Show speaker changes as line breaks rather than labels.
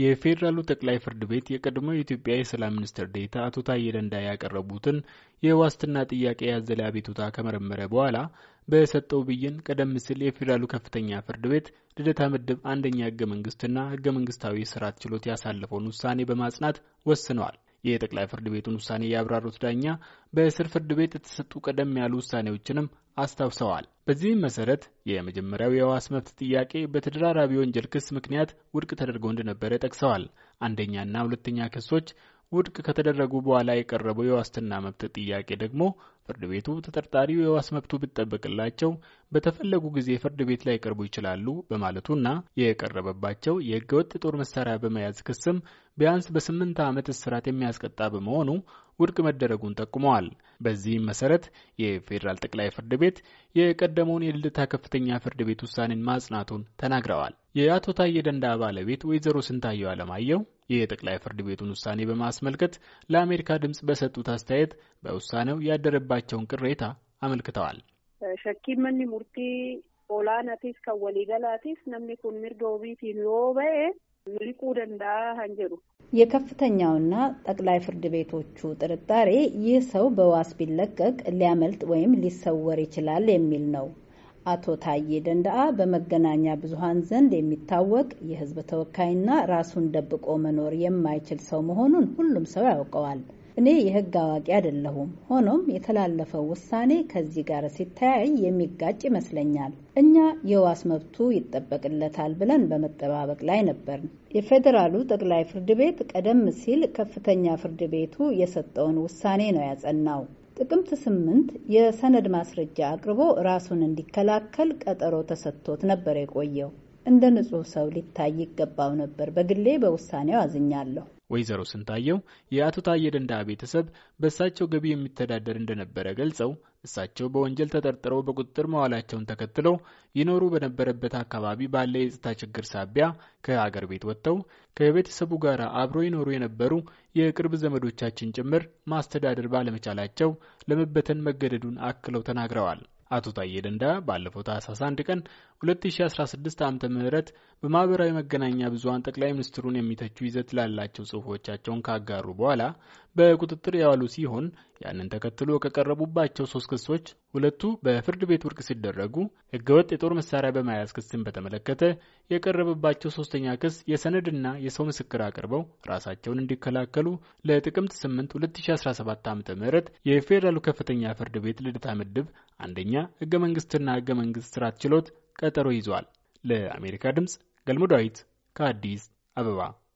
የፌዴራሉ ጠቅላይ ፍርድ ቤት የቀድሞው የኢትዮጵያ የሰላም ሚኒስትር ዴታ አቶ ታዬ ደንዳ ያቀረቡትን የዋስትና ጥያቄ ያዘለ አቤቱታ ከመረመረ በኋላ በሰጠው ብይን ቀደም ሲል የፌዴራሉ ከፍተኛ ፍርድ ቤት ልደታ ምድብ አንደኛ ህገ መንግስትና ህገ መንግስታዊ ስርዓት ችሎት ያሳለፈውን ውሳኔ በማጽናት ወስነዋል። የጠቅላይ ፍርድ ቤቱን ውሳኔ ያብራሩት ዳኛ በእስር ፍርድ ቤት የተሰጡ ቀደም ያሉ ውሳኔዎችንም አስታውሰዋል። በዚህም መሰረት የመጀመሪያው የዋስ መብት ጥያቄ በተደራራቢ ወንጀል ክስ ምክንያት ውድቅ ተደርጎ እንደነበረ ጠቅሰዋል። አንደኛና ሁለተኛ ክሶች ውድቅ ከተደረጉ በኋላ የቀረበው የዋስትና መብት ጥያቄ ደግሞ ፍርድ ቤቱ ተጠርጣሪው የዋስ መብቱ ቢጠበቅላቸው በተፈለጉ ጊዜ ፍርድ ቤት ላይ ቀርቡ ይችላሉ በማለቱና የቀረበባቸው የህገወጥ ጦር መሳሪያ በመያዝ ክስም ቢያንስ በስምንት ዓመት እስራት የሚያስቀጣ በመሆኑ ውድቅ መደረጉን ጠቁመዋል። በዚህም መሰረት የፌዴራል ጠቅላይ ፍርድ ቤት የቀደመውን የልደታ ከፍተኛ ፍርድ ቤት ውሳኔን ማጽናቱን ተናግረዋል። የአቶ ታዬ ደንዳ ባለቤት ወይዘሮ ስንታየው አለማየሁ የጠቅላይ ፍርድ ቤቱን ውሳኔ በማስመልከት ለአሜሪካ ድምፅ በሰጡት አስተያየት በውሳኔው ያደረባቸውን ቅሬታ አመልክተዋል።
ሸኪመኒ ሙርቲ ኦላናቲስ ከወሊገላቲስ ነምኒ ኩን ሚርጋ ኦቢቲን ደንዳ ሀንጀሩ የከፍተኛውና ጠቅላይ ፍርድ ቤቶቹ ጥርጣሬ ይህ ሰው በዋስ ቢለቀቅ ሊያመልጥ ወይም ሊሰወር ይችላል የሚል ነው። አቶ ታዬ ደንዳአ በመገናኛ ብዙሃን ዘንድ የሚታወቅ የሕዝብ ተወካይና ራሱን ደብቆ መኖር የማይችል ሰው መሆኑን ሁሉም ሰው ያውቀዋል። እኔ የሕግ አዋቂ አይደለሁም። ሆኖም የተላለፈው ውሳኔ ከዚህ ጋር ሲተያይ የሚጋጭ ይመስለኛል። እኛ የዋስ መብቱ ይጠበቅለታል ብለን በመጠባበቅ ላይ ነበርን። የፌዴራሉ ጠቅላይ ፍርድ ቤት ቀደም ሲል ከፍተኛ ፍርድ ቤቱ የሰጠውን ውሳኔ ነው ያጸናው። ጥቅምት ስምንት የሰነድ ማስረጃ አቅርቦ ራሱን እንዲከላከል ቀጠሮ ተሰጥቶት ነበር የቆየው። እንደ ንጹህ ሰው ሊታይ ይገባው ነበር። በግሌ በውሳኔው አዝኛለሁ።
ወይዘሮ ስንታየው የአቶ ታዬ ደንዳ ቤተሰብ በእሳቸው ገቢ የሚተዳደር እንደነበረ ገልጸው እሳቸው በወንጀል ተጠርጥረው በቁጥጥር መዋላቸውን ተከትለው ይኖሩ በነበረበት አካባቢ ባለ የጸጥታ ችግር ሳቢያ ከሀገር ቤት ወጥተው ከቤተሰቡ ጋር አብሮ ይኖሩ የነበሩ የቅርብ ዘመዶቻችን ጭምር ማስተዳደር ባለመቻላቸው ለመበተን መገደዱን አክለው ተናግረዋል። አቶ ታዬ ደንዳ ባለፈው ታህሳስ 1 ቀን 2016 ዓ ም በማህበራዊ መገናኛ ብዙሀን ጠቅላይ ሚኒስትሩን የሚተቹ ይዘት ላላቸው ጽሁፎቻቸውን ካጋሩ በኋላ በቁጥጥር ያሉ ሲሆን ያንን ተከትሎ ከቀረቡባቸው ሶስት ክሶች ሁለቱ በፍርድ ቤት ውድቅ ሲደረጉ ህገወጥ የጦር መሳሪያ በመያዝ ክስን በተመለከተ የቀረበባቸው ሶስተኛ ክስ የሰነድና የሰው ምስክር አቅርበው ራሳቸውን እንዲከላከሉ ለጥቅምት 8 2017 ዓ ም የፌዴራሉ ከፍተኛ ፍርድ ቤት ልደታ ምድብ አንደኛ ህገ መንግስትና ህገ መንግስት ስርዓት ችሎት ቀጠሮ ይዟል። ለአሜሪካ ድምፅ ገልሞ ዳዊት ከአዲስ አበባ